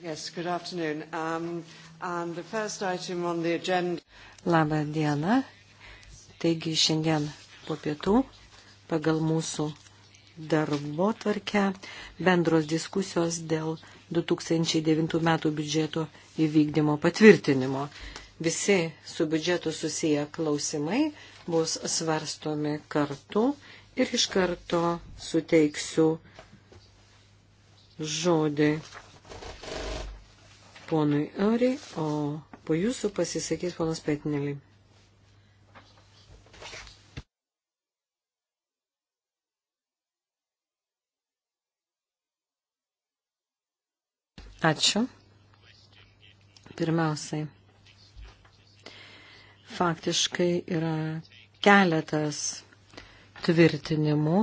Yes, good afternoon. Um, and the first item on the agenda. Labą dieną. Taigi šiandien po pietų pagal mūsų darbo tvarkę bendros diskusijos dėl 2009 metų biudžeto įvykdymo patvirtinimo. Visi su biudžetu susiję klausimai bus svarstomi kartu ir iš karto suteiksiu žodį ponui Ari, o po jūsų pasisakys ponas Petinėlį. Ačiū. Pirmiausiai, faktiškai yra keletas tvirtinimų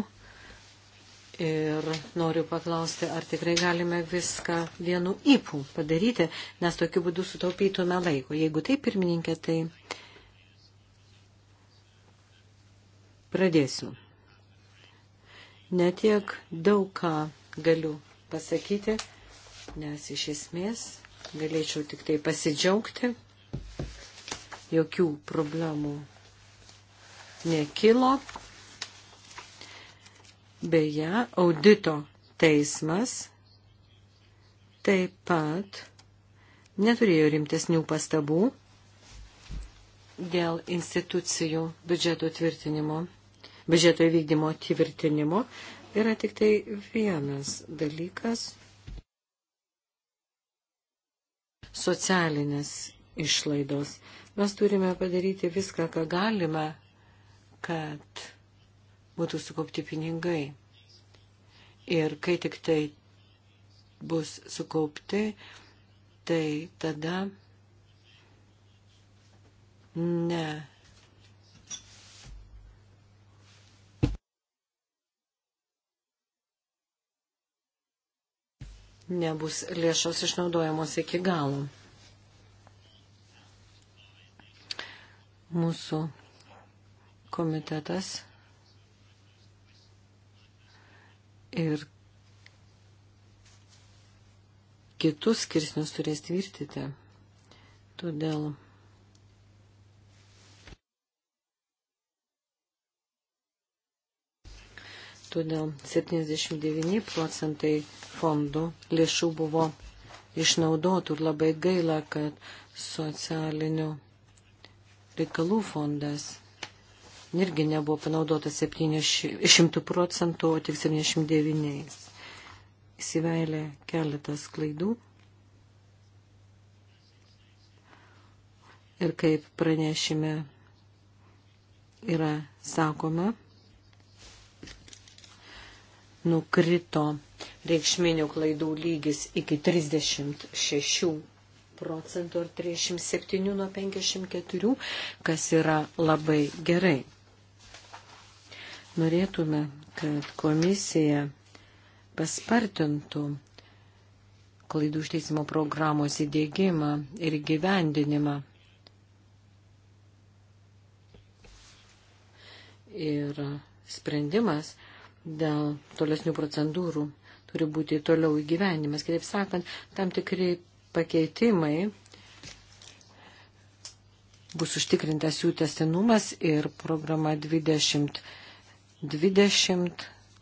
Ir noriu paklausti, ar tikrai galime viską vienu įpū padaryti, nes tokiu būdu sutaupytume laiko. Jeigu taip, pirmininkė, tai pradėsiu. Netiek daug ką galiu pasakyti, nes iš esmės galėčiau tik tai pasidžiaugti. Jokių problemų nekilo Beje, audito teismas taip pat neturėjo rimtesnių pastabų dėl institucijų biudžeto tvirtinimo, biudžeto įvykdymo tvirtinimo. Yra tik tai vienas dalykas - socialinės išlaidos. Mes turime padaryti viską, ką galime, kad būtų sukaupti pinigai. Ir kai tik tai bus sukaupti, tai tada ne. Nebus lėšos išnaudojamos iki galo. Mūsų komitetas ir kitus skirsnius turės tvirtyti. Todėl Todėl 79 procentai fondų lėšų buvo išnaudotų ir labai gaila, kad socialinių reikalų fondas irgi nebuvo panaudota 700 procentų, o tik 79. Įsiveilė keletas klaidų. Ir kaip pranešime yra sakoma, nukrito reikšminių klaidų lygis iki 36 procentų ar 37 nuo 54, kas yra labai gerai. Norėtume, kad komisija paspartintų klaidų išteisimo programos įdėgymą ir gyvendinimą. Ir sprendimas dėl tolesnių procedūrų turi būti toliau įgyvenimas. Kitaip sakant, tam tikri pakeitimai bus užtikrintas jų testinumas ir programa 20 20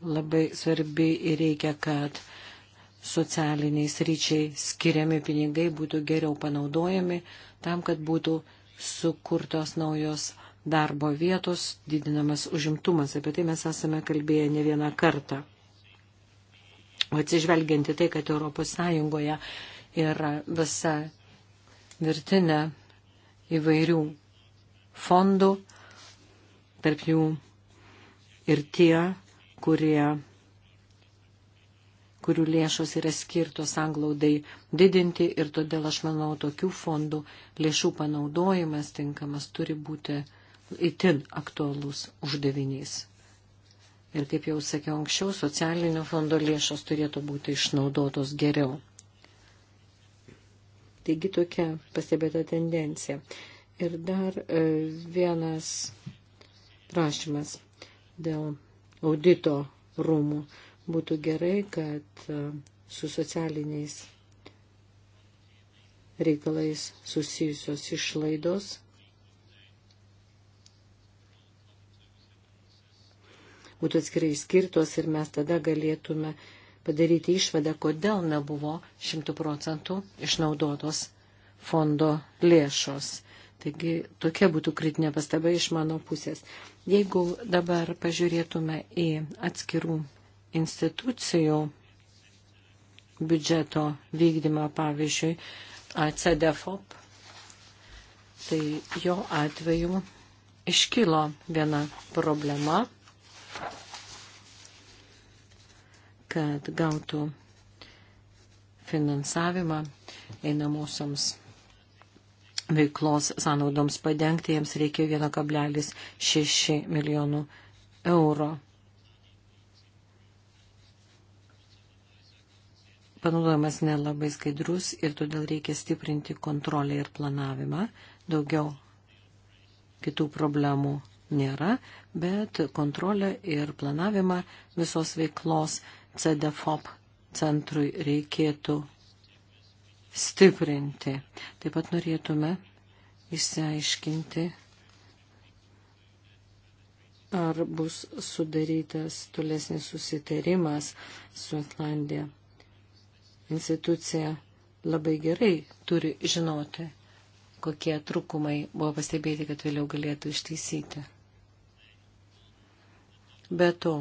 labai svarbi ir reikia, kad socialiniai sryčiai skiriami pinigai būtų geriau panaudojami tam, kad būtų sukurtos naujos darbo vietos, didinamas užimtumas. Apie tai mes esame kalbėję ne vieną kartą. O atsižvelgianti tai, kad Europos Sąjungoje yra visa virtinė įvairių fondų, tarp jų ir tie, kurie kurių lėšos yra skirtos anglaudai didinti ir todėl aš manau tokių fondų lėšų panaudojimas tinkamas turi būti itin aktualus uždavinys. Ir kaip jau sakiau anksčiau, socialinio fondo lėšos turėtų būti išnaudotos geriau. Taigi tokia pastebėta tendencija. Ir dar e, vienas prašymas dėl audito rūmų. Būtų gerai, kad e, su socialiniais reikalais susijusios išlaidos būtų atskirai skirtos ir mes tada galėtume padaryti išvadą, kodėl nebuvo šimtų procentų išnaudotos fondo lėšos. Taigi tokia būtų kritinė pastaba iš mano pusės. Jeigu dabar pažiūrėtume į atskirų institucijų biudžeto vykdymą, pavyzdžiui, ACDFOP, tai jo atveju iškilo viena problema, kad gautų finansavimą einamosioms veiklos sąnaudoms padengti, jiems reikėjo 1,6 milijonų eurų. Panaudojimas nelabai skaidrus ir todėl reikia stiprinti kontrolę ir planavimą. Daugiau kitų problemų nėra, bet kontrolę ir planavimą visos veiklos CDFOP centrui reikėtų stiprinti. Taip pat norėtume išsiaiškinti, ar bus sudarytas tolesnis susitarimas su Atlandija. Institucija labai gerai turi žinoti, kokie trūkumai buvo pastebėti, kad vėliau galėtų ištaisyti. Be to,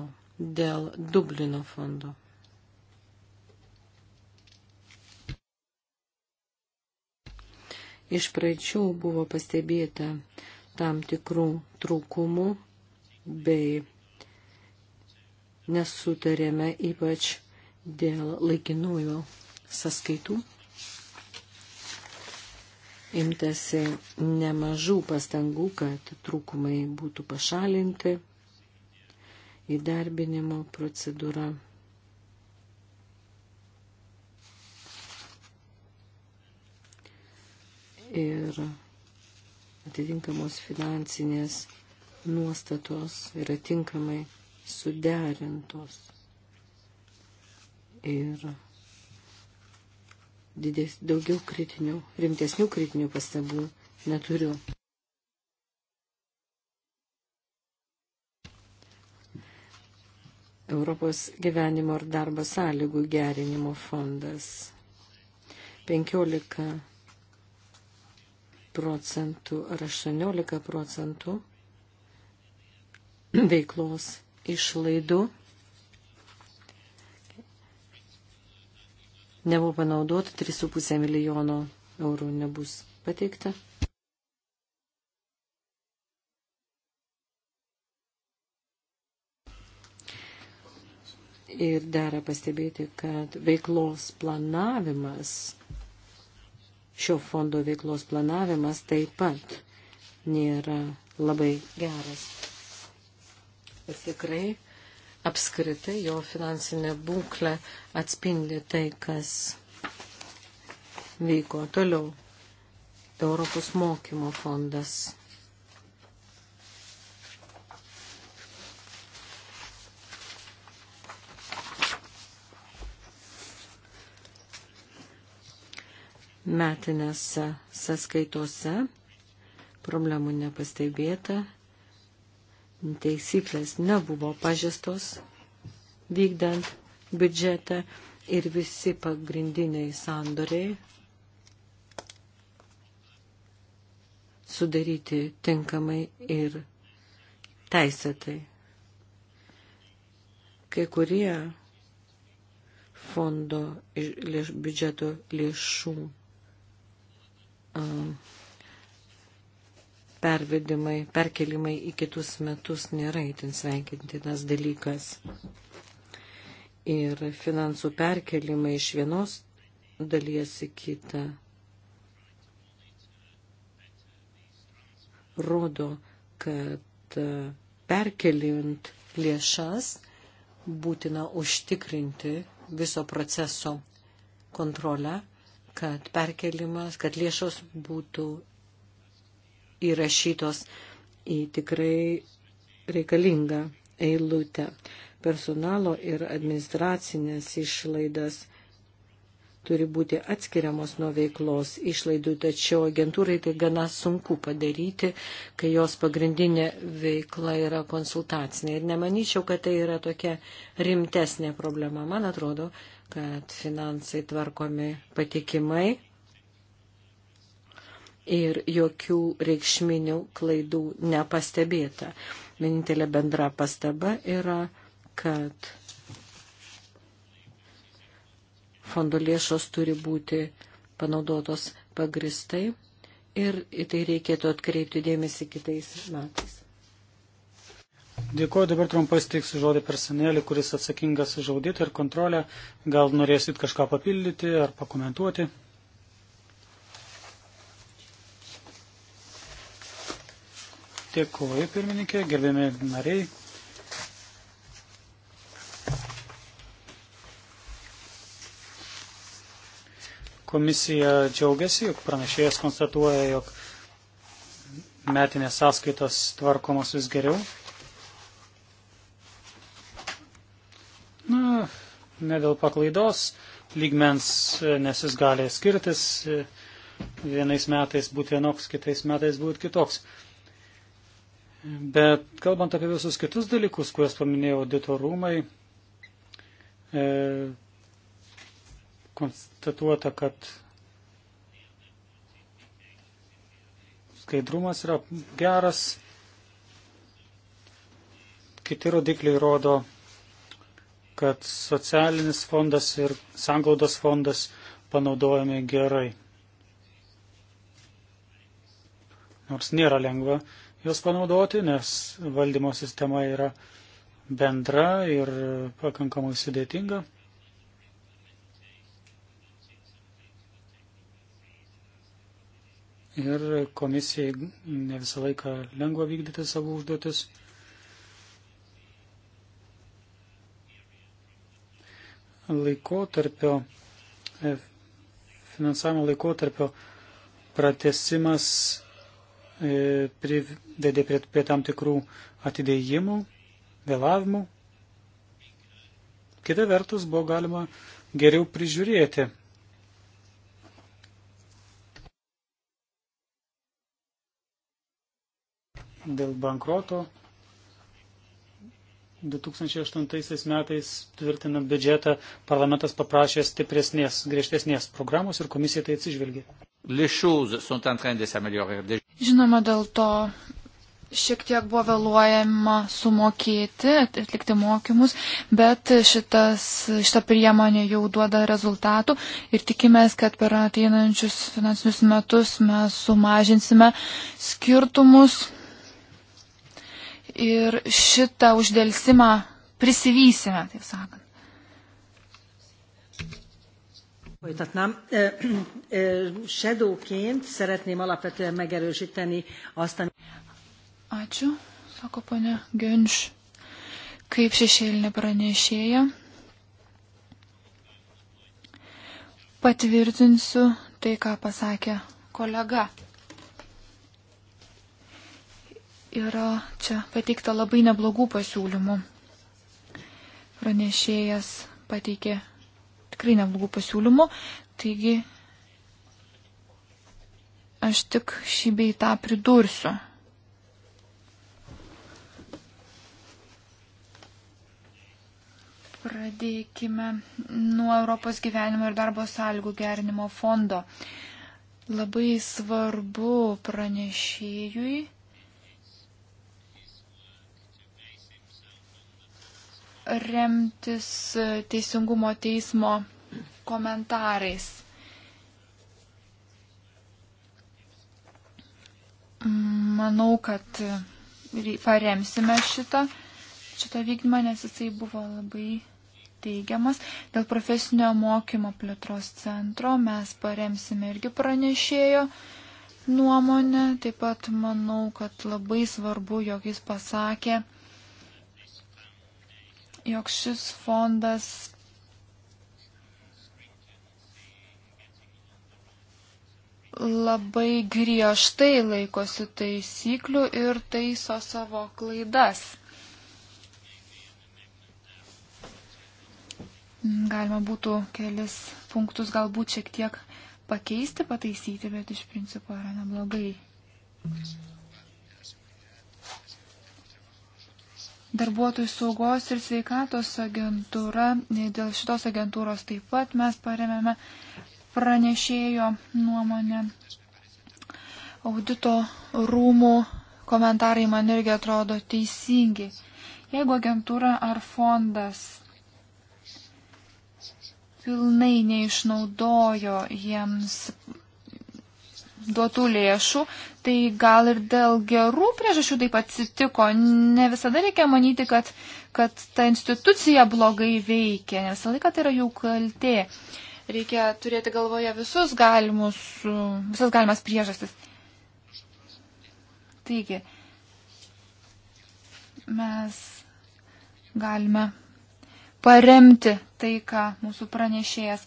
dėl Dublino fondo. Iš praeičių buvo pastebėta tam tikrų trūkumų bei nesutarėme ypač dėl laikinųjų sąskaitų. Imtasi nemažų pastangų, kad trūkumai būtų pašalinti, įdarbinimo procedūra ir atitinkamos finansinės nuostatos yra tinkamai suderintos ir didės, daugiau kritinių, rimtesnių kritinių pastabų neturiu. Europos gyvenimo ir darbo sąlygų gerinimo fondas. 15 procentų ar 18 procentų veiklos išlaidų nebuvo panaudota, 3,5 milijono eurų nebus pateikta. Ir dera pastebėti, kad veiklos planavimas šio fondo veiklos planavimas taip pat nėra labai geras. Ir tikrai apskritai jo finansinė būklė atspindi tai, kas vyko toliau. Europos mokymo fondas. metinėse sąskaitose problemų nepastebėta, teisyklės nebuvo pažestos vykdant biudžetą ir visi pagrindiniai sandoriai sudaryti tinkamai ir teisėtai. Kai kurie fondo lėš, biudžeto lėšų pervedimai, perkelimai į kitus metus nėra itin sveikintinas dalykas. Ir finansų perkelimai iš vienos dalies į kitą rodo, kad perkeliant lėšas būtina užtikrinti viso proceso kontrolę kad perkelimas, kad lėšos būtų įrašytos į tikrai reikalingą eilutę. Personalo ir administracinės išlaidas turi būti atskiriamos nuo veiklos išlaidų, tačiau agentūrai tai gana sunku padaryti, kai jos pagrindinė veikla yra konsultacinė. Ir nemanyčiau, kad tai yra tokia rimtesnė problema. Man atrodo, kad finansai tvarkomi patikimai ir jokių reikšminių klaidų nepastebėta. Vienintelė bendra pastaba yra, kad fondo lėšos turi būti panaudotos pagristai ir į tai reikėtų atkreipti dėmesį kitais metais. Dėkuoju, dabar trumpai steiksiu žodį personelį, kuris atsakingas už auditą ir kontrolę. Gal norėsit kažką papildyti ar pakomentuoti? Dėkuoju, pirmininkė, gerbėmi nariai. Komisija džiaugiasi, jog pranešėjas konstatuoja, jog metinės sąskaitos tvarkomos vis geriau ne dėl paklaidos lygmens, e, nes jis gali skirtis e, vienais metais būti vienoks, kitais metais būti kitoks. Bet kalbant apie visus kitus dalykus, kuriuos paminėjo auditorumai, e, konstatuota, kad skaidrumas yra geras, kiti rodikliai rodo kad socialinis fondas ir sanglaudos fondas panaudojami gerai. Nors nėra lengva juos panaudoti, nes valdymo sistema yra bendra ir pakankamai sudėtinga. Ir komisijai ne visą laiką lengva vykdyti savo užduotis. laikotarpio, e, finansavimo laikotarpio pratesimas e, privedė prie, prie tam tikrų atidėjimų, vėlavimų. Kita vertus buvo galima geriau prižiūrėti dėl bankroto 2008 metais tvirtinant biudžetą, parlamentas paprašė stipresnės, griežtesnės programos ir komisija tai atsižvelgė. Žinoma, dėl to šiek tiek buvo vėluojama sumokėti, atlikti mokymus, bet šitas, šita priemonė jau duoda rezultatų ir tikimės, kad per ateinančius finansinius metus mes sumažinsime skirtumus ir šitą uždėlsimą prisivysime, taip sakant. Folytatnám. Shadowként szeretném alapvetően megerősíteni azt, amit... Ačiū, sako ponia Gönš. Kaip šešėlinė pranešėja, patvirtinsiu tai, ką pasakė kolega yra čia pateikta labai neblogų pasiūlymų. Pranešėjas pateikė tikrai neblogų pasiūlymų, taigi aš tik šį bei tą pridursiu. Pradėkime nuo Europos gyvenimo ir darbo sąlygų gerinimo fondo. Labai svarbu pranešėjui remtis teisingumo teismo komentarais. Manau, kad paremsime šitą, šitą vykdymą, nes jisai buvo labai teigiamas. Dėl profesinio mokymo plėtros centro mes paremsime irgi pranešėjo nuomonę. Taip pat manau, kad labai svarbu, jog jis pasakė, jog šis fondas labai griežtai laikosi taisyklių ir taiso savo klaidas. Galima būtų kelis punktus galbūt šiek tiek pakeisti, pataisyti, bet iš principo yra neblogai. Thank you. darbuotojų saugos ir sveikatos agentūra. Dėl šitos agentūros taip pat mes paremėme pranešėjo nuomonę. Audito rūmų komentarai man irgi atrodo teisingi. Jeigu agentūra ar fondas pilnai neišnaudojo jiems duotų lėšų, Tai gal ir dėl gerų priežasčių taip atsitiko. Ne visada reikia manyti, kad, kad ta institucija blogai veikia, ne visą laiką tai yra jų kaltė. Reikia turėti galvoje visus galimus, visas galimas priežastis. Taigi, mes galime paremti tai, ką mūsų pranešėjas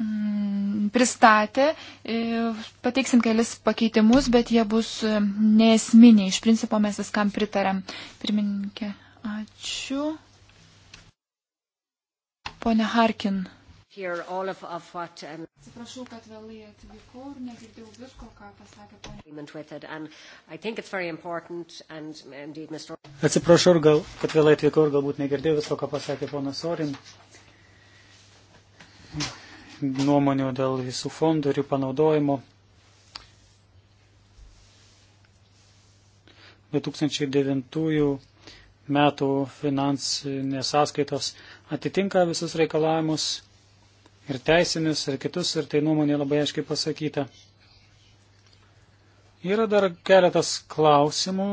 mm, pristatė, e, pateiksim kelis pakeitimus, bet jie bus e, nesminiai. Iš principo mes viskam pritarėm. Pirmininkė, ačiū. Pone Harkin. Um, Atsiprašau, kad vėlai atvykau ir negirdėjau visko, ką pasakė ponė. Atsiprašau, gal, kad vėlai atvykau ir galbūt negirdėjau visko, ką pasakė ponas Sorin. Uh, nuomonių dėl visų fondų ir jų panaudojimo. 2009 metų finansinės sąskaitos atitinka visus reikalavimus ir teisinius, ir kitus, ir tai nuomonė labai aiškiai pasakyta. Yra dar keletas klausimų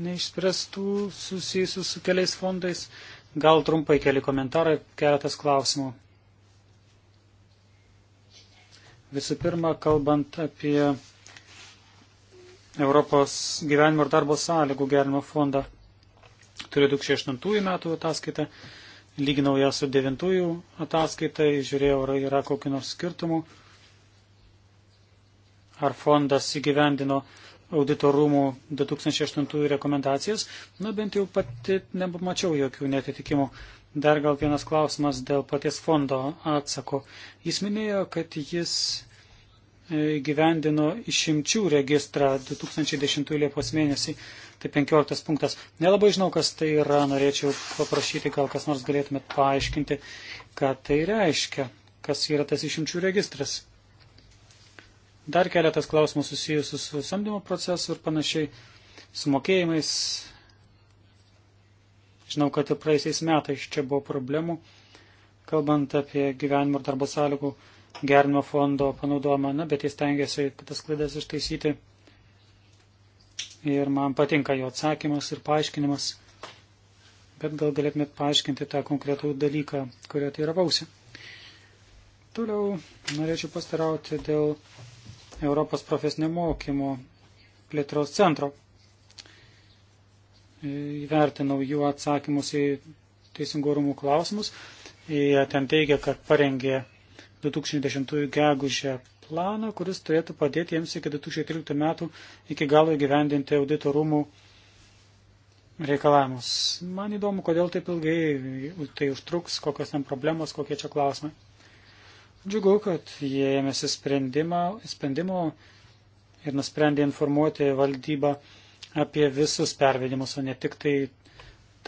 neišspręstų susijusių su keliais fondais. Gal trumpai keli komentarai, keletas klausimų. Visų pirma, kalbant apie Europos gyvenimo ir darbo sąlygų gerimo fondą, turiu 2008 metų ataskaitą, lyginau ją su 9 ataskaita, žiūrėjau, ar yra kokių nors skirtumų, ar fondas įgyvendino uh, auditorumų 2008 rekomendacijas, na bent jau pati nemačiau jokių netitikimų. Dar gal vienas klausimas dėl paties fondo atsako. Jis minėjo, kad jis e, gyvendino išimčių registrą 2010 Liepos mėnesį. Tai 15 punktas. Nelabai žinau, kas tai yra. Norėčiau paprašyti, gal kas nors galėtumėt paaiškinti, ką tai reiškia, kas yra tas išimčių registras. Dar keletas klausimų susijusių su samdymo procesu ir panašiai, su mokėjimais. Žinau, kad ir praeisiais metais čia buvo problemų, kalbant apie gyvenimo ir darbo sąlygų gerinimo fondo panaudojimą, na, bet jis tengiasi tas klaidas ištaisyti. Ir man patinka jo atsakymas ir paaiškinimas. Bet gal galėtumėt paaiškinti tą konkretų dalyką, kurio tai ravausi. Toliau norėčiau pastarauti dėl Europos profesinio mokymo plėtros centro. Įvertinau jų atsakymus į teisingorumų klausimus. Jie ten teigia, kad parengė 2010 gegužę planą, kuris turėtų padėti jiems iki 2013 metų iki galo įgyvendinti auditorumų reikalavimus. Man įdomu, kodėl taip ilgai tai užtruks, kokios ten problemos, kokie čia klausimai. Džiugu, kad jie ėmėsi sprendimo ir nusprendė informuoti valdybą apie visus pervedimus, o ne tik tai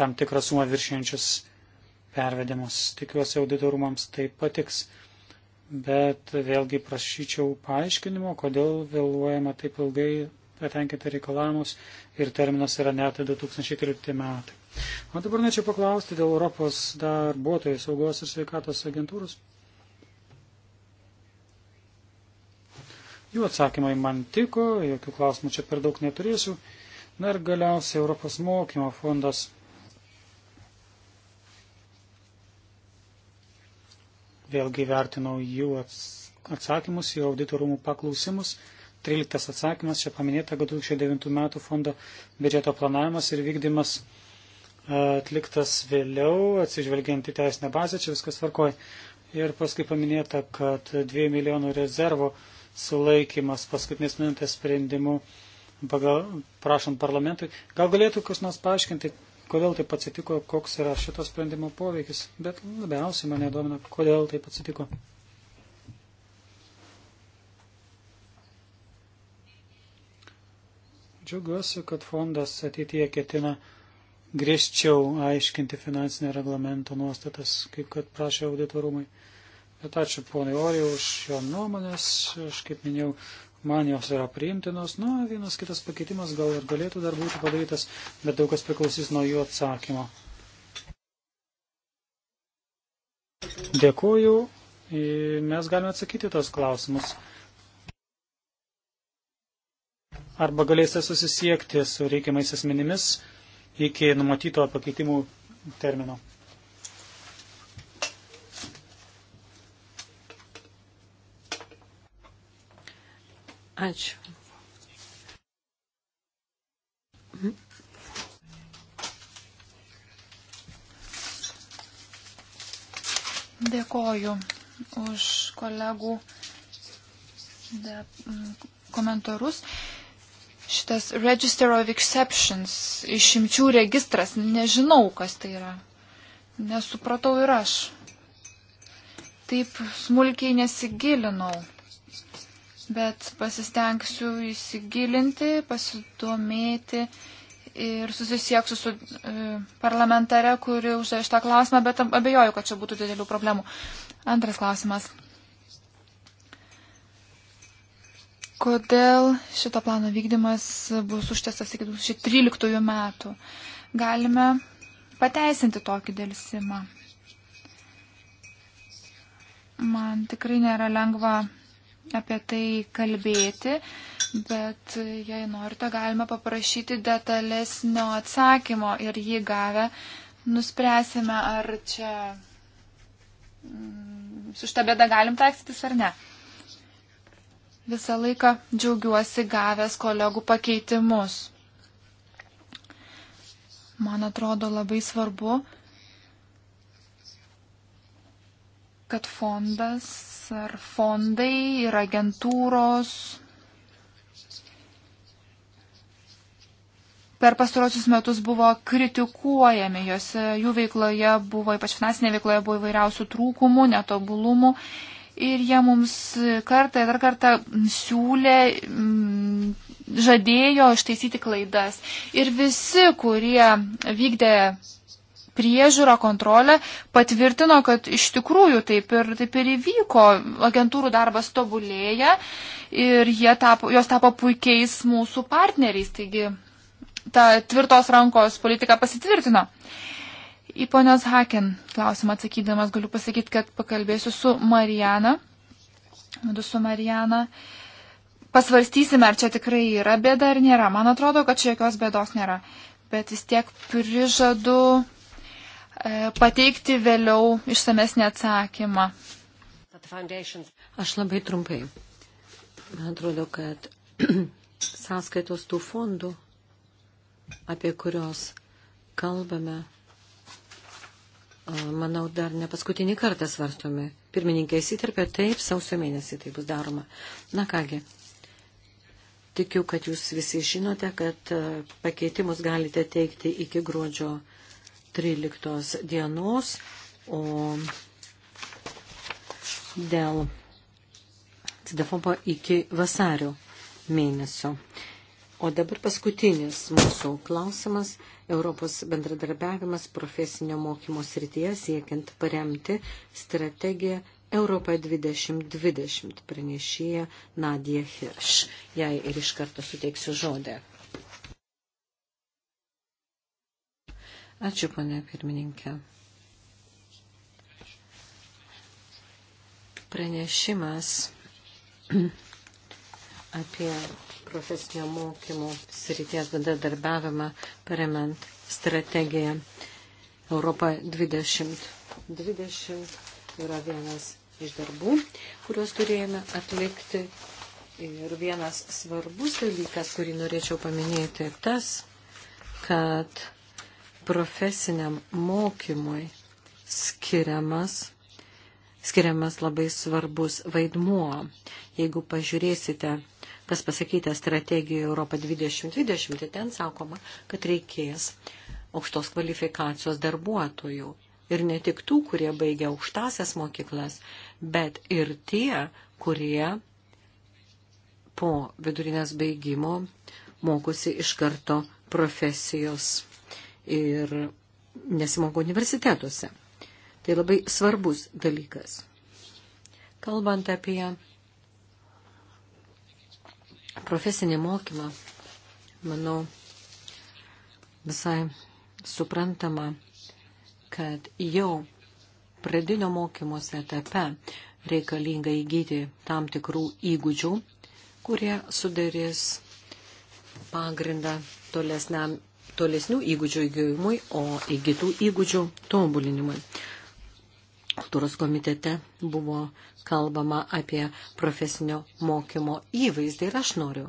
tam tikrą sumą viršiančius pervedimus. Tikiuosi auditorumams tai patiks. Bet vėlgi prašyčiau paaiškinimo, kodėl vėluojama taip ilgai patenkinti reikalavimus ir terminas yra net 2013 metai. O dabar norėčiau paklausti dėl Europos darbuotojų saugos ir sveikatos agentūros Jų atsakymai man tiko, jokių klausimų čia per daug neturėsiu. Na ir galiausiai Europos mokymo fondas. Vėlgi vertinau jų atsakymus, jų auditorumų paklausimus. 13 atsakymas, čia paminėta, kad 2009 metų fondo biudžeto planavimas ir vykdymas e, atliktas vėliau, atsižvelgiant į teisinę bazę, čia viskas tvarkoja. Ir paskui paminėta, kad 2 milijonų rezervo sulaikimas paskutinės minutės sprendimu, pagal, prašant parlamentui. Gal galėtų kas nors paaiškinti, kodėl taip atsitiko, koks yra šito sprendimo poveikis, bet labiausiai mane domina, kodėl taip atsitiko. Džiaugiuosi, kad fondas ateityje ketina griežčiau aiškinti finansinio reglamento nuostatas, kaip kad prašė auditorumai. Bet ačiū ponui Orijau už jo nuomonės. Aš kaip minėjau, man jos yra priimtinos. Na, nu, vienas kitas pakeitimas gal ir galėtų dar būti padarytas, bet daug kas priklausys nuo jų atsakymo. Dėkuoju. Mes galime atsakyti tos klausimus. Arba galėsite susisiekti su reikiamais asmenimis iki numatyto pakeitimų termino. Ačiū. Dėkoju už kolegų de, komentarus. Šitas Register of Exceptions, išimčių registras, nežinau, kas tai yra. Nesupratau ir aš. Taip smulkiai nesigilinau bet pasistengsiu įsigilinti, pasidomėti ir susisieksiu su e, parlamentare, kuri uždavė šitą klausimą, bet abejoju, kad čia būtų didelių problemų. Antras klausimas. Kodėl šito plano vykdymas bus užtestas iki 2013 metų? Galime pateisinti tokį dėlsimą. Man tikrai nėra lengva apie tai kalbėti, bet jei norite, galime paprašyti detalesnio atsakymo ir jį gavę nuspręsime, ar čia mm, su šitą bėdą galim taikstytis ar ne. Visą laiką džiaugiuosi gavęs kolegų pakeitimus. Man atrodo labai svarbu, kad fondas ar fondai ir agentūros per pastarosius metus buvo kritikuojami, jose jų veikloje buvo, ypač finansinėje veikloje buvo įvairiausių trūkumų, netobulumų. Ir jie mums kartą ir dar kartą siūlė, mm, žadėjo ištaisyti klaidas. Ir visi, kurie vykdė priežiūra, kontrolė patvirtino, kad iš tikrųjų taip ir, taip ir įvyko. Agentūrų darbas tobulėja ir tapo, jos tapo puikiais mūsų partneriais. Taigi ta tvirtos rankos politika pasitvirtino. Į ponios Haken klausimą atsakydamas galiu pasakyti, kad pakalbėsiu su Marijana. Mudu su Marijana. Pasvarstysime, ar čia tikrai yra bėda ar nėra. Man atrodo, kad čia jokios bėdos nėra. Bet vis tiek prižadu E, pateikti vėliau išsamesnį atsakymą. Aš labai trumpai. Man atrodo, kad sąskaitos tų fondų, apie kurios kalbame, e, manau, dar ne paskutinį kartą svarstome. Pirmininkė įsitarpė, taip, sausio mėnesį tai bus daroma. Na kągi, tikiu, kad jūs visi žinote, kad e, pakeitimus galite teikti iki gruodžio 13 dienos, o dėl CDFOPO iki vasario mėnesio. O dabar paskutinis mūsų klausimas - Europos bendradarbiavimas profesinio mokymo srityje siekiant paremti strategiją Europa 2020 pranešėja Nadija Hirš. Jai ir iš karto suteiksiu žodę. Ačiū, ponė pirmininkė. Pranešimas apie profesinio mokymo srities bendradarbiavimą paremant strategiją Europa 20. 20 yra vienas iš darbų, kuriuos turėjome atlikti. Ir vienas svarbus dalykas, kurį norėčiau paminėti, tas, kad profesiniam mokymui skiriamas, skiriamas labai svarbus vaidmuo. Jeigu pažiūrėsite, kas pasakyta strategijoje Europa 2020, tai ten sakoma, kad reikės aukštos kvalifikacijos darbuotojų. Ir ne tik tų, kurie baigia aukštasias mokyklas, bet ir tie, kurie po vidurinės baigimo mokosi iš karto profesijos ir nesimoko universitetuose. Tai labai svarbus dalykas. Kalbant apie profesinį mokymą, manau, visai suprantama, kad jau pradinio mokymosi etape reikalinga įgyti tam tikrų įgūdžių, kurie sudarys pagrindą tolesniam tolesnių įgūdžių įgyjimui, o įgytų įgūdžių tobulinimui. Kultūros komitete buvo kalbama apie profesinio mokymo įvaizdį ir aš noriu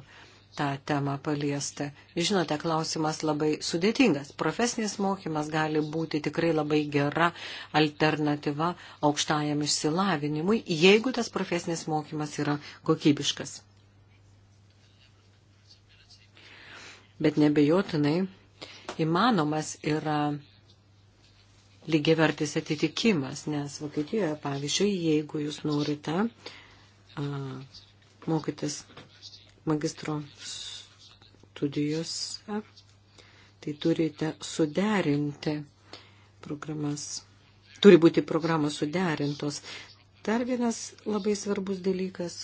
tą temą paliesti. Žinote, klausimas labai sudėtingas. Profesinis mokymas gali būti tikrai labai gera alternatyva aukštajam išsilavinimui, jeigu tas profesinis mokymas yra kokybiškas. Bet nebejotinai įmanomas yra lygiavertis atitikimas, nes Vokietijoje, pavyzdžiui, jeigu jūs norite a, mokytis magistro studijose, tai turite suderinti programas. Turi būti programos suderintos. Dar vienas labai svarbus dalykas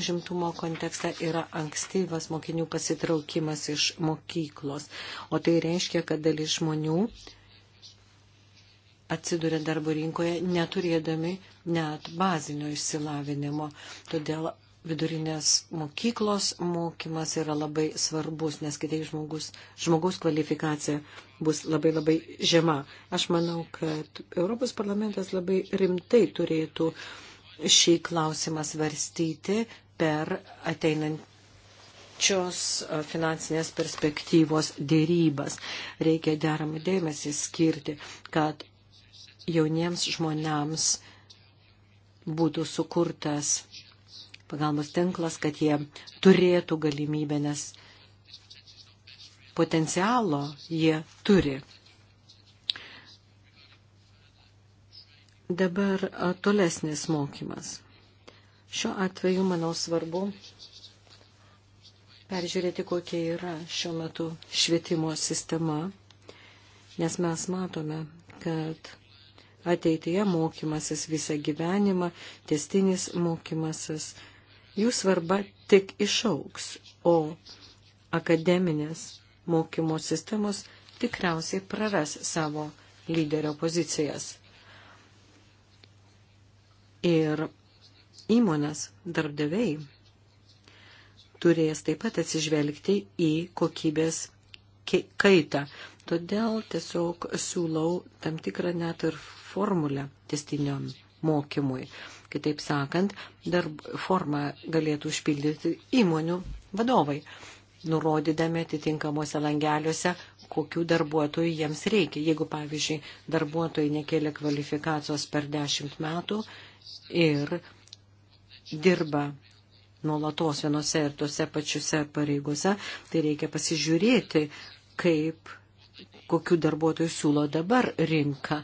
užimtumo kontekste yra ankstyvas mokinių pasitraukimas iš mokyklos. O tai reiškia, kad dalis žmonių atsiduria darbo rinkoje neturėdami net bazinio išsilavinimo. Todėl vidurinės mokyklos mokymas yra labai svarbus, nes kitaip žmogus, žmogus kvalifikacija bus labai labai žema. Aš manau, kad Europos parlamentas labai rimtai turėtų šį klausimą svarstyti per ateinančios finansinės perspektyvos dėrybas. Reikia deramą dėmesį skirti, kad jauniems žmonėms būtų sukurtas pagalbos tinklas, kad jie turėtų galimybę, nes potencialo jie turi. Dabar tolesnis mokymas. Šiuo atveju, manau, svarbu peržiūrėti, kokia yra šiuo metu švietimo sistema, nes mes matome, kad ateityje mokymasis visą gyvenimą, testinis mokymasis jų svarba tik išauks, o akademinės mokymo sistemos tikriausiai praras savo lyderio pozicijas. Ir įmonės darbdaviai turės taip pat atsižvelgti į kokybės kaitą. Todėl tiesiog siūlau tam tikrą net ir formulę testiniom mokymui. Kitaip sakant, darb, formą galėtų užpildyti įmonių vadovai, nurodydami atitinkamuose langeliuose, kokių darbuotojų jiems reikia. Jeigu, pavyzdžiui, darbuotojai nekėlė kvalifikacijos per dešimt metų ir dirba nuolatos vienose ir tose pačiose pareigose, tai reikia pasižiūrėti, kaip, kokiu darbuotojų siūlo dabar rinka.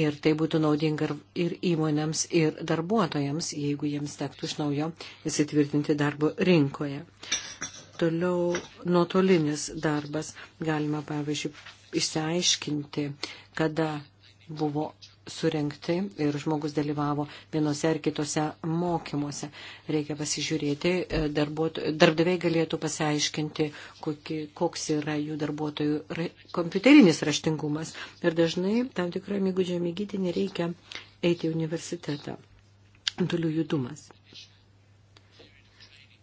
Ir tai būtų naudinga ir įmonėms, ir darbuotojams, jeigu jiems tektų iš naujo įsitvirtinti darbo rinkoje. Toliau nuotolinis darbas. Galima, pavyzdžiui, išsiaiškinti, kada buvo surenkti ir žmogus dalyvavo vienose ar kitose mokymuose. Reikia pasižiūrėti, e, darbdaviai galėtų pasiaiškinti, kokie, koks yra jų darbuotojų ra, kompiuterinis raštingumas. Ir dažnai tam tikram įgūdžiam įgyti nereikia eiti į universitetą. Antulių judumas.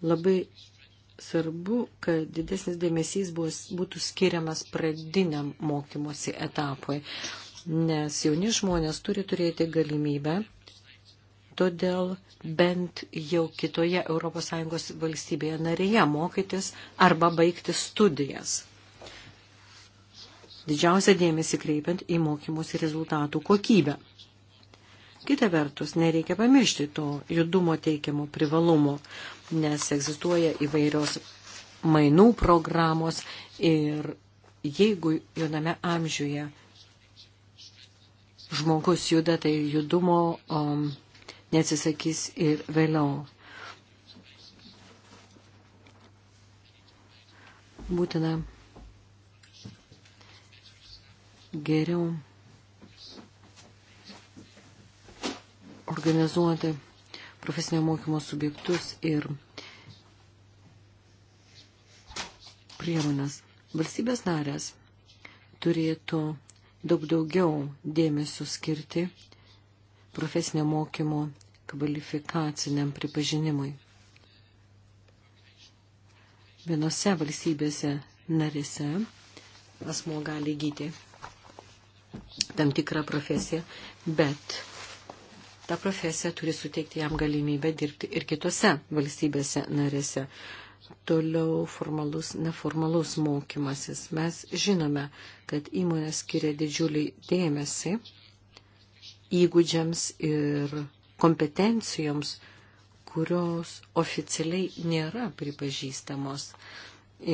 Labai svarbu, kad didesnis dėmesys būtų skiriamas pradiniam mokymosi etapui nes jauni žmonės turi turėti galimybę, todėl bent jau kitoje ES valstybėje narėje mokytis arba baigti studijas. Didžiausia dėmesį kreipiant į mokymus rezultatų kokybę. Kita vertus, nereikia pamiršti to judumo teikiamo privalumo, nes egzistuoja įvairios mainų programos ir jeigu jauname amžiuje žmogus juda, tai judumo um, neatsisakys ir vėliau. Būtina geriau organizuoti profesinio mokymo subjektus ir priemonės. Valstybės narės turėtų daug daugiau dėmesio skirti profesinio mokymo kvalifikaciniam pripažinimui. Vienose valstybėse narėse asmo gali gyti tam tikrą profesiją, bet ta profesija turi suteikti jam galimybę dirbti ir kitose valstybėse narėse. Toliau formalus, neformalus mokymasis. Mes žinome, kad įmonė skiria didžiulį dėmesį įgūdžiams ir kompetencijoms, kurios oficialiai nėra pripažįstamos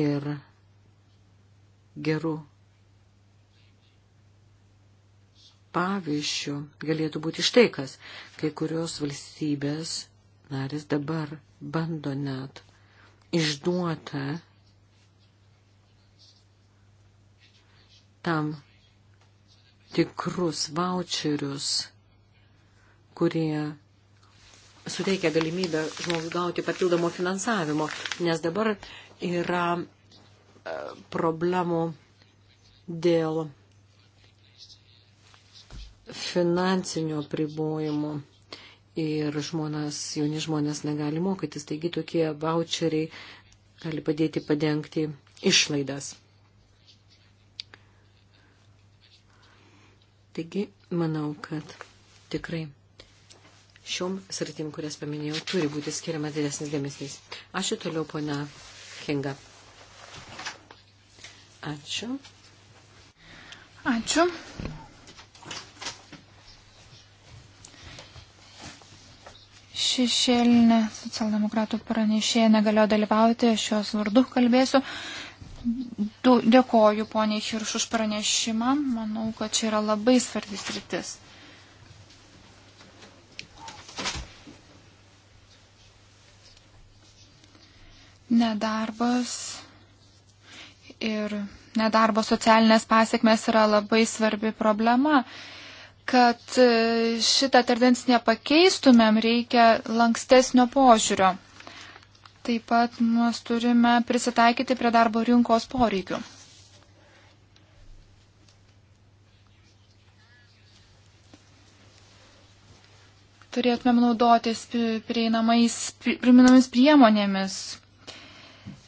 ir gerų pavyzdžių galėtų būti štai kas. Kai kurios valstybės narės dabar bando net išduota tam tikrus voucherius, kurie suteikia galimybę žmogui gauti papildomo finansavimo, nes dabar yra e, problemų dėl finansinio pribojimo ir žmonės, jauni žmonės negali mokytis. Taigi tokie voucheriai gali padėti padengti išlaidas. Taigi, manau, kad tikrai šiom sritim, kurias paminėjau, turi būti skiriamas didesnis dėmesys. Ačiū toliau, ponia Kinga. Ačiū. Ačiū. šešėlinė socialdemokratų pranešėja negalėjo dalyvauti, aš jos vardu kalbėsiu. Dėkoju poniai Hirš už pranešimą, manau, kad čia yra labai svarbis rytis. Nedarbas ir nedarbo socialinės pasiekmes yra labai svarbi problema kad e, šitą tendenciją pakeistumėm, reikia lankstesnio požiūrio. Taip pat mes turime prisitaikyti prie darbo rinkos poreikių. Turėtumėm naudotis prieinamais priemonėmis,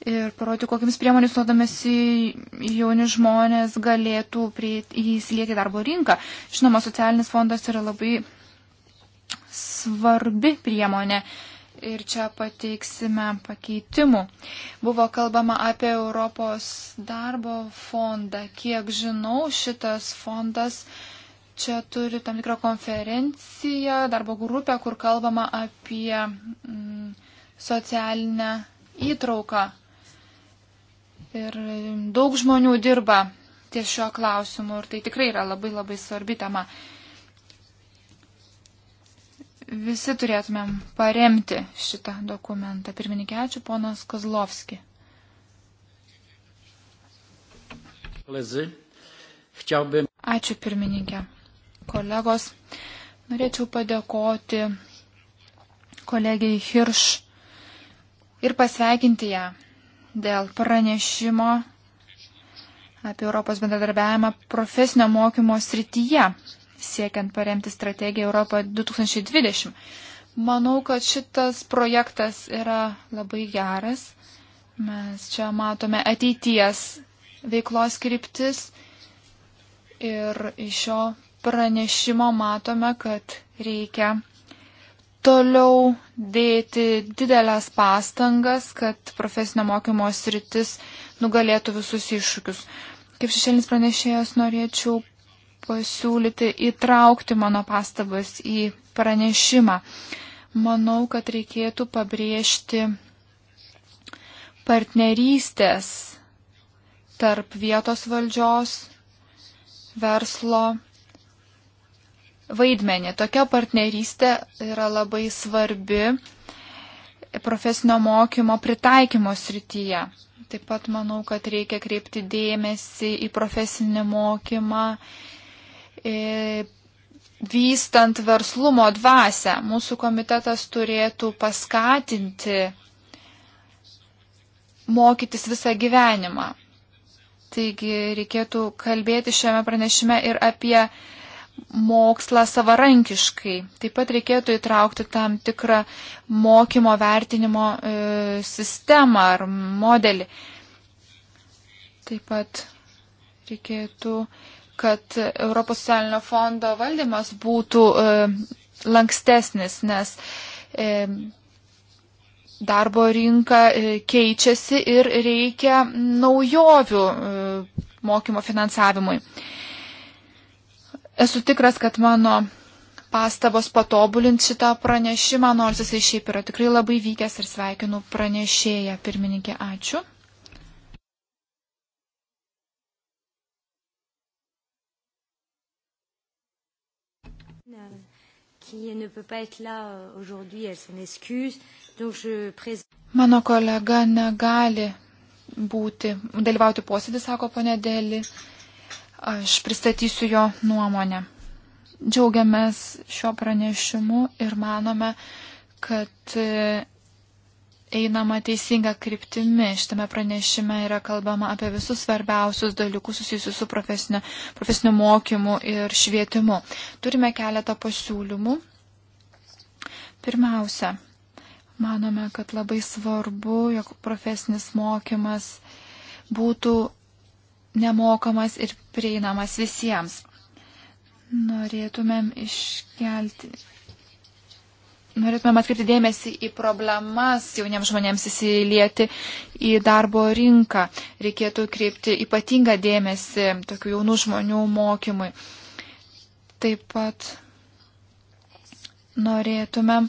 ir parodyti, kokiamis priemonės nuodamėsi jauni žmonės galėtų įsilieti darbo rinką. Žinoma, socialinis fondas yra labai svarbi priemonė. Ir čia pateiksime pakeitimų. Buvo kalbama apie Europos darbo fondą. Kiek žinau, šitas fondas čia turi tam tikrą konferenciją, darbo grupę, kur kalbama apie mm, socialinę įtrauką Ir daug žmonių dirba ties šio klausimu ir tai tikrai yra labai labai svarbi tema. Visi turėtumėm paremti šitą dokumentą. Pirmininkė, ačiū ponas Kozlovski. Ačiū pirmininkė. Kolegos, norėčiau padėkoti kolegijai Hirš ir pasveikinti ją dėl pranešimo apie Europos bendradarbiavimą profesinio mokymo srityje, siekiant paremti strategiją Europą 2020. Manau, kad šitas projektas yra labai geras. Mes čia matome ateities veiklos kryptis ir iš šio pranešimo matome, kad reikia toliau dėti didelės pastangas, kad profesinio mokymo sritis nugalėtų visus iššūkius. Kaip šešėlis pranešėjas norėčiau pasiūlyti įtraukti mano pastabas į pranešimą. Manau, kad reikėtų pabrėžti partnerystės tarp vietos valdžios, verslo vaidmenį. Tokia partnerystė yra labai svarbi profesinio mokymo pritaikymo srityje. Taip pat manau, kad reikia kreipti dėmesį į profesinį mokymą, vystant verslumo dvasę. Mūsų komitetas turėtų paskatinti mokytis visą gyvenimą. Taigi reikėtų kalbėti šiame pranešime ir apie mokslą savarankiškai. Taip pat reikėtų įtraukti tam tikrą mokymo vertinimo e, sistemą ar modelį. Taip pat reikėtų, kad Europos socialinio fondo valdymas būtų e, lankstesnis, nes e, darbo rinka e, keičiasi ir reikia naujovių e, mokymo finansavimui. E, Esu tikras, kad mano pastabos patobulint šitą pranešimą, nors jisai šiaip yra tikrai labai vykęs ir sveikinu pranešėją. Pirmininkė, ačiū. Euh, mano kolega negali būti, dalyvauti posėdį, sako ponė Dėlį. Aš pristatysiu jo nuomonę. Džiaugiamės šio pranešimu ir manome, kad e, einama teisinga kryptimi. Šitame pranešime yra kalbama apie visus svarbiausius dalykus susijusius su profesinio, profesinio mokymu ir švietimu. Turime keletą pasiūlymų. Pirmiausia, manome, kad labai svarbu, jog profesinis mokymas būtų nemokamas ir prieinamas visiems. Norėtumėm iškelti. Norėtumėm atkreipti dėmesį į problemas jauniems žmonėms įsilieti į darbo rinką. Reikėtų kreipti ypatingą dėmesį tokių jaunų žmonių mokymui. Taip pat norėtumėm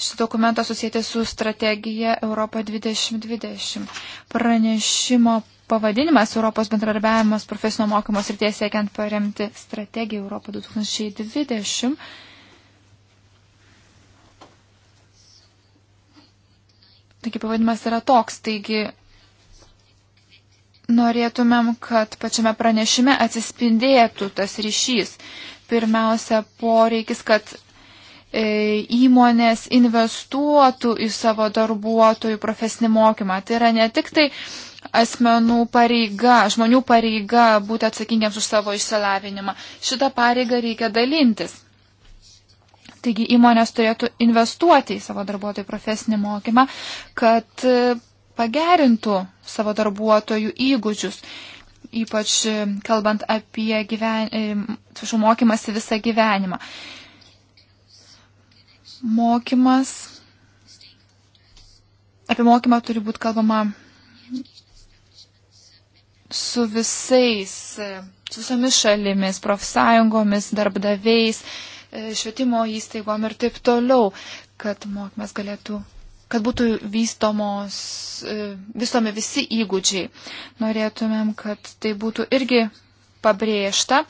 šį dokumentą susijęti su strategija Europa 2020. Pranešimo pavadinimas Europos bendradarbiavimas profesinio mokymo srityje siekiant paremti strategiją Europą 2020. Taigi pavadimas yra toks, taigi norėtumėm, kad pačiame pranešime atsispindėtų tas ryšys. Pirmiausia, poreikis, kad e, įmonės investuotų į savo darbuotojų profesinį mokymą. Tai yra ne tik tai asmenų pareiga, žmonių pareiga būti atsakingiams už savo išsilavinimą. Šitą pareigą reikia dalintis. Taigi įmonės turėtų investuoti į savo darbuotojų profesinį mokymą, kad e, pagerintų savo darbuotojų įgūdžius, ypač e, kalbant apie gyven... E, mokymasi visą gyvenimą. Mokymas. Apie mokymą turi būti kalbama su visais, e, su visomis šalimis, profsąjungomis, darbdaviais, e, švietimo įstaigom ir taip toliau, kad mokymas galėtų kad būtų vystomos, e, vystomi visi įgūdžiai. Norėtumėm, kad tai būtų irgi pabrėžta,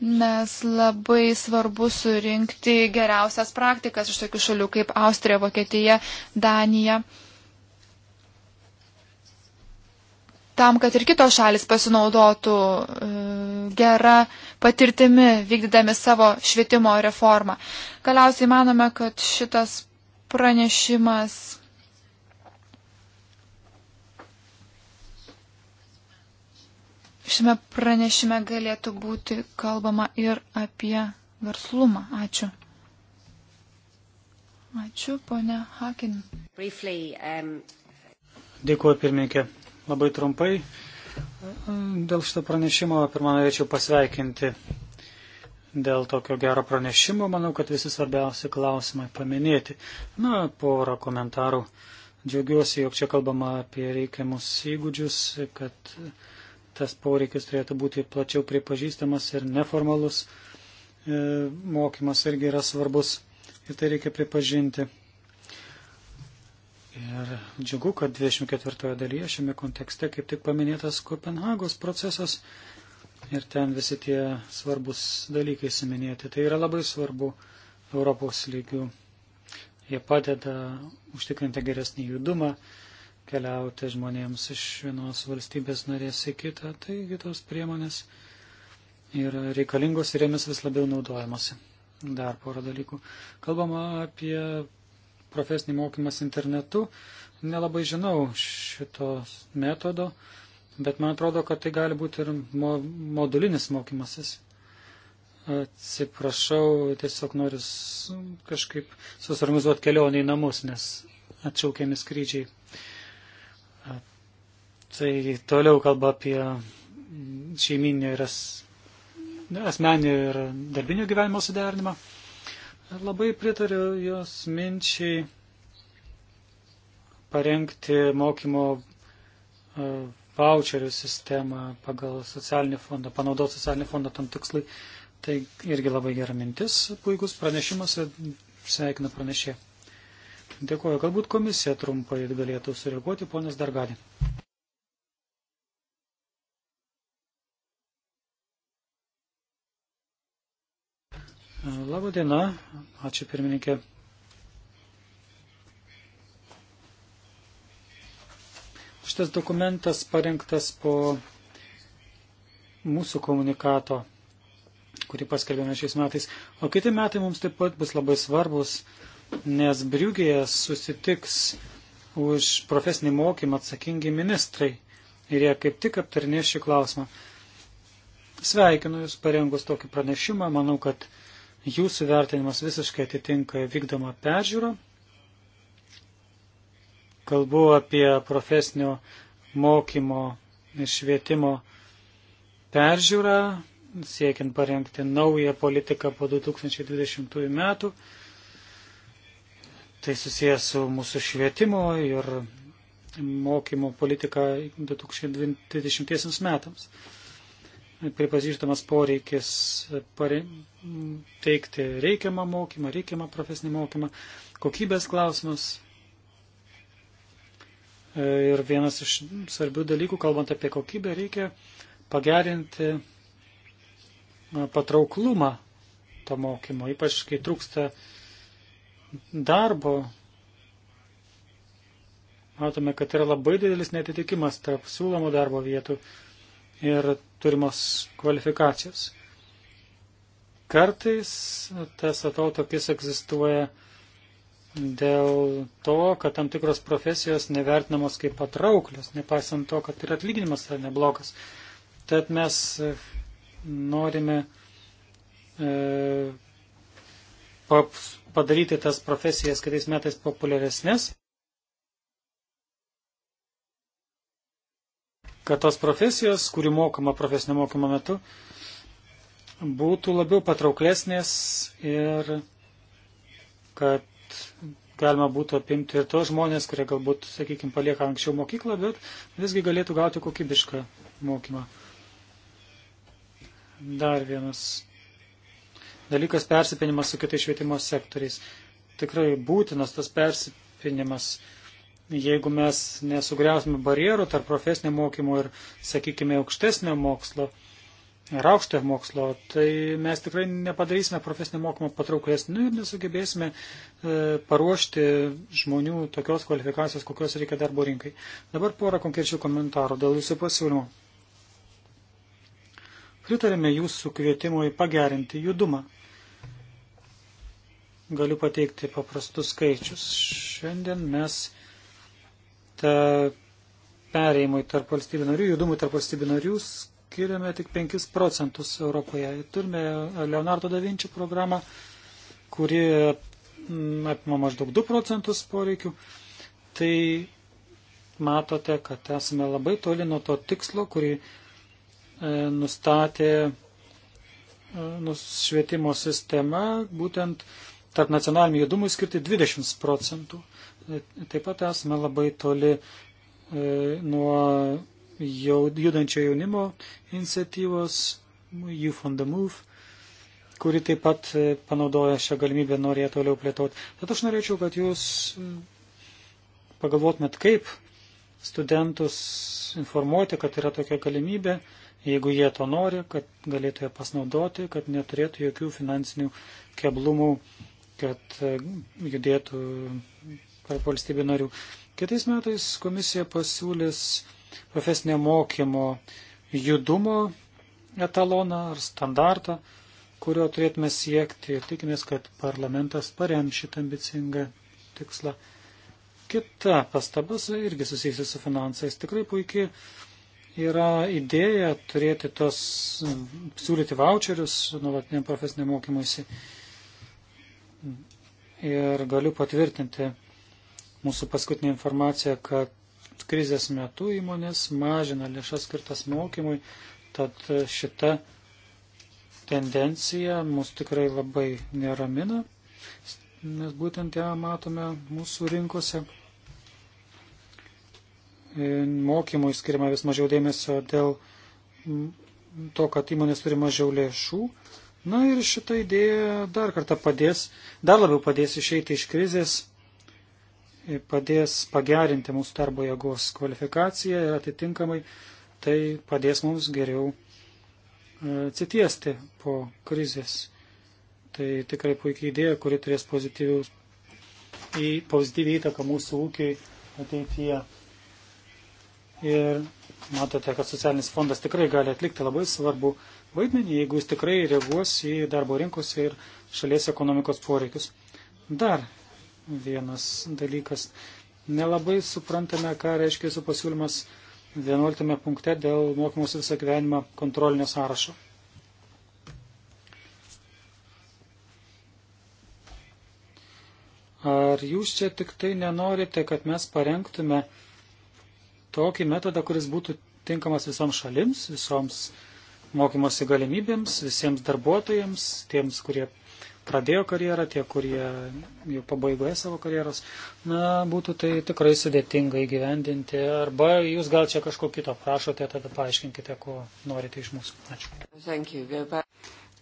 nes labai svarbu surinkti geriausias praktikas iš tokių šalių kaip Austrija, Vokietija, Danija. tam, kad ir kitos šalis pasinaudotų e, gerą patirtimi, vykdydami savo švietimo reformą. Galiausiai manome, kad šitas pranešimas. Šiame pranešime galėtų būti kalbama ir apie verslumą. Ačiū. Ačiū, ponia Hakin. Briefly, um... Dėkuoju, pirmininkė labai trumpai. Dėl šito pranešimo pirmą norėčiau pasveikinti. Dėl tokio gero pranešimo manau, kad visi svarbiausi klausimai paminėti. Na, porą komentarų. Džiaugiuosi, jog čia kalbama apie reikiamus įgūdžius, kad tas poreikis turėtų būti plačiau pripažįstamas ir neformalus. E, mokymas irgi yra svarbus ir tai reikia pripažinti. Ir džiugu, kad 24 dalyje šiame kontekste kaip tik paminėtas Kopenhagos procesas ir ten visi tie svarbus dalykai siminėti. Tai yra labai svarbu Europos lygių. Jie padeda užtikrinti geresnį judumą, keliauti žmonėms iš vienos valstybės narės į kitą. Taigi tos priemonės yra reikalingos ir jomis vis labiau naudojamasi. Dar porą dalykų. Kalbama apie profesinį mokymas internetu. Nelabai žinau šito metodo, bet man atrodo, kad tai gali būti ir mo modulinis mokymasis. Atsiprašau, tiesiog noriu kažkaip susorganizuoti kelionį į namus, nes atšaukiami skrydžiai. Tai toliau kalba apie šeiminio ir as, asmenio ir darbinio gyvenimo suderinimą. Labai pritariu jos minčiai parengti mokymo e, voucherių sistemą pagal socialinį fondą, panaudoti socialinį fondą tam tikslai. Tai irgi labai gera mintis, puikus pranešimas, sveikinu pranešė. Dėkuoju, galbūt komisija trumpai galėtų sureaguoti, ponas Dargali. Labą dieną, ačiū pirmininkė. Šitas dokumentas parengtas po mūsų komunikato, kurį paskelbėme šiais metais. O kiti metai mums taip pat bus labai svarbus, nes Briugėje susitiks už profesinį mokymą atsakingi ministrai ir jie kaip tik aptarnės šį klausimą. Sveikinu Jūs parengus tokį pranešimą, manau, kad Jūsų vertinimas visiškai atitinka vykdomą peržiūrą. Kalbu apie profesinio mokymo ir švietimo peržiūrą, siekiant parengti naują politiką po 2020 metų. Tai susijęs su mūsų švietimo ir mokymo politika 2020 metams pripažįstamas poreikis pare... teikti reikiamą mokymą, reikiamą profesinį mokymą, kokybės klausimas. E, ir vienas iš svarbių dalykų, kalbant apie kokybę, reikia pagerinti e, patrauklumą to mokymo, ypač kai trūksta darbo. Matome, kad yra labai didelis netitikimas tarp siūlomų darbo vietų ir turimos kvalifikacijos. Kartais tas atotokis egzistuoja dėl to, kad tam tikros profesijos nevertinamos kaip patrauklios, nepaisant to, kad ir atlyginimas yra neblogas. Tad mes e, norime e, padaryti tas profesijas kitais metais populiaresnės. kad tos profesijos, kuri mokoma profesinio mokymo metu, būtų labiau patrauklesnės ir kad galima būtų apimti ir tos žmonės, kurie galbūt, sakykime, palieka anksčiau mokyklą, bet visgi galėtų gauti kokybišką mokymą. Dar vienas dalykas - persipinimas su kitais švietimo sektoriais. Tikrai būtinas tas persipinimas jeigu mes nesugriausime barjerų tarp profesinio mokymo ir, sakykime, aukštesnio mokslo ir aukštojo mokslo, tai mes tikrai nepadarysime profesinio mokymo patrauklesniu ir nesugebėsime e, paruošti žmonių tokios kvalifikacijos, kokios reikia darbo rinkai. Dabar porą konkrečių komentarų dėl jūsų pasiūlymo. Pritarėme jūsų kvietimui pagerinti judumą galiu pateikti paprastus skaičius. Šiandien mes E, perėjimui tarp valstybių narių, judumui tarp valstybių narių skiriame tik 5 procentus Europoje. Turime Leonardo da Vinci programą, kuri apima maždaug 2 procentus poreikių. Tai matote, kad esame labai toli nuo to tikslo, kurį e, nustatė e, švietimo sistema, būtent tarp nacionalinių judumų skirti 20 procentų. E, taip pat esame labai toli e, nuo jau judančio jaunimo iniciatyvos Youth on the Move, kuri taip pat e, panaudoja šią galimybę norėtų toliau plėtoti. Tad aš norėčiau, kad jūs pagalvotumėt, kaip studentus informuoti, kad yra tokia galimybė, jeigu jie to nori, kad galėtų ją pasinaudoti, kad neturėtų jokių finansinių keblumų kad e, judėtų tarp valstybių narių. Kitais metais komisija pasiūlys profesinio mokymo judumo etaloną ar standartą, kurio turėtume siekti ir tikimės, kad parlamentas parem šitą ambicingą tikslą. Kita pastaba irgi susijusi su finansais. Tikrai puikiai yra idėja turėti tos, siūlyti voucherius nuolatiniam profesiniam mokymuisi. Uh, ir galiu patvirtinti mūsų paskutinę informaciją, kad krizės metu įmonės mažina lėšas skirtas mokymui, tad šita tendencija mus tikrai labai neramina, nes būtent ją matome mūsų rinkose. Mokymui skiriama vis mažiau dėmesio dėl to, kad įmonės turi mažiau lėšų, Na ir šitą idėją dar kartą padės, dar labiau padės išeiti iš krizės, padės pagerinti mūsų darbo jėgos kvalifikaciją ir atitinkamai tai padės mums geriau e, atsitiesti po krizės. Tai tikrai puikiai idėja, kuri turės pozityvį įtaką mūsų ūkiai ateityje. Ir matote, kad socialinis fondas tikrai gali atlikti labai svarbu vaidmenį, jeigu jis tikrai reaguos į darbo rinkus ir šalies ekonomikos poreikius. Dar vienas dalykas. Nelabai suprantame, ką reiškia jūsų pasiūlymas 11 punkte dėl mokymosi visą gyvenimą kontrolinio sąrašo. Ar jūs čia tik tai nenorite, kad mes parengtume tokį metodą, kuris būtų tinkamas visoms šalims, visoms mokymosi galimybėms visiems darbuotojams, tiems, kurie pradėjo karjerą, tie, kurie jau pabaigoje savo karjeros, na, būtų tai tikrai sudėtinga įgyvendinti. Arba jūs gal čia kažko kito prašote, tada paaiškinkite, ko norite iš mūsų. Ačiū.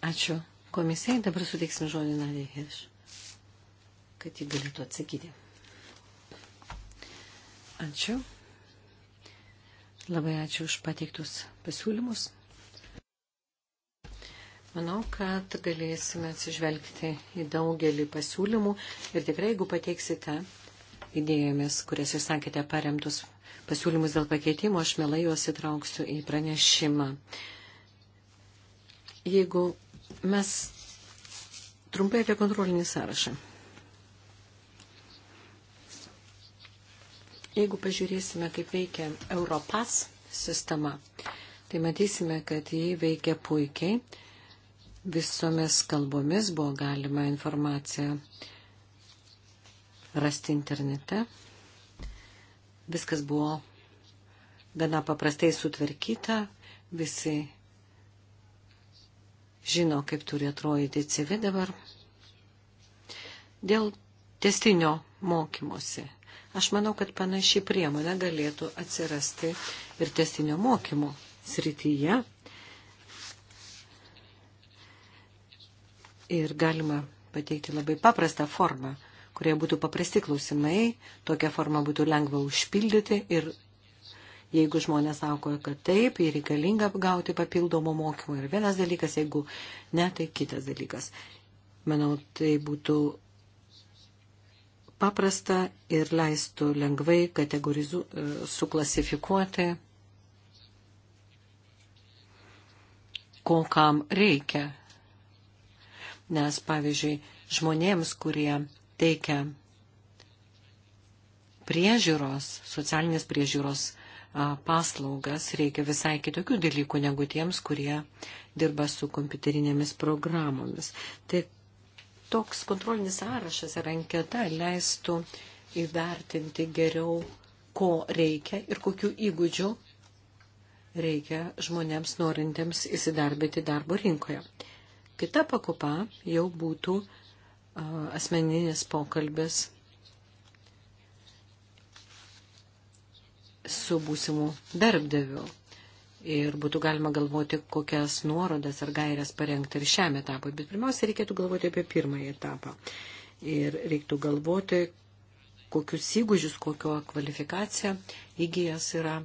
Ačiū. Komisijai dabar suteiksime žodį Nadė Hirš, kad ji galėtų atsakyti. Ačiū. Labai ačiū už pateiktus pasiūlymus. Manau, kad galėsime atsižvelgti į daugelį pasiūlymų ir tikrai, jeigu pateiksite idėjomis, kurias jūs sakėte paremtus pasiūlymus dėl pakeitimo, aš mielai juos įtrauksiu į pranešimą. Jeigu mes trumpai apie kontrolinį sąrašą. Jeigu pažiūrėsime, kaip veikia Europas sistema, tai matysime, kad jį veikia puikiai visomis kalbomis buvo galima informaciją rasti internete. Viskas buvo gana paprastai sutvarkyta, visi žino, kaip turi atrodyti CV dabar. Dėl testinio mokymosi. Aš manau, kad panaši priemonė galėtų atsirasti ir testinio mokymo srityje. Ir galima pateikti labai paprastą formą, kurie būtų paprasti klausimai, tokia forma būtų lengva užpildyti ir jeigu žmonės sako, kad taip, ir reikalinga gauti papildomų mokymų ir vienas dalykas, jeigu ne, tai kitas dalykas. Manau, tai būtų paprasta ir leistų lengvai kategorizu, e, suklasifikuoti, ko kam reikia nes, pavyzdžiui, žmonėms, kurie teikia priežiūros, socialinės priežiūros paslaugas, reikia visai kitokių dalykų negu tiems, kurie dirba su kompiuterinėmis programomis. Tai toks kontrolinis sąrašas ar anketa leistų įvertinti geriau, ko reikia ir kokių įgūdžių reikia žmonėms norintiems įsidarbinti darbo rinkoje. Kita pakopa jau būtų asmeninis pokalbis su būsimu darbdaviu. Ir būtų galima galvoti, kokias nuorodas ar gairias parengti ir šiam etapui. Bet pirmiausia, reikėtų galvoti apie pirmąjį etapą. Ir reiktų galvoti, kokius įgūdžius, kokio kvalifikaciją įgyjas yra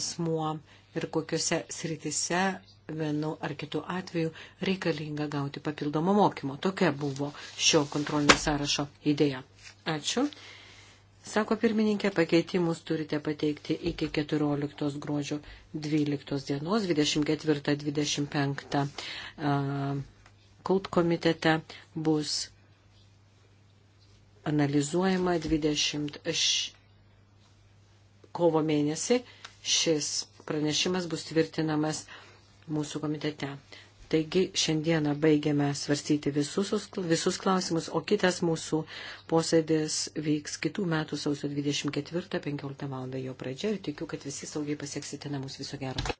asmuo ir kokiuose sritise vienu ar kitu atveju reikalinga gauti papildomo mokymo. Tokia buvo šio kontrolinio sąrašo idėja. Ačiū. Sako pirmininkė, pakeitimus turite pateikti iki 14 gruodžio 12 dienos, 24-25 kult komitete bus analizuojama 20 kovo mėnesį. Šis pranešimas bus tvirtinamas mūsų komitete. Taigi šiandieną baigiame svarstyti visus, visus klausimus, o kitas mūsų posėdis vyks kitų metų sausio 24-15 val. jo pradžia ir tikiu, kad visi saugiai pasieksite namus viso gero.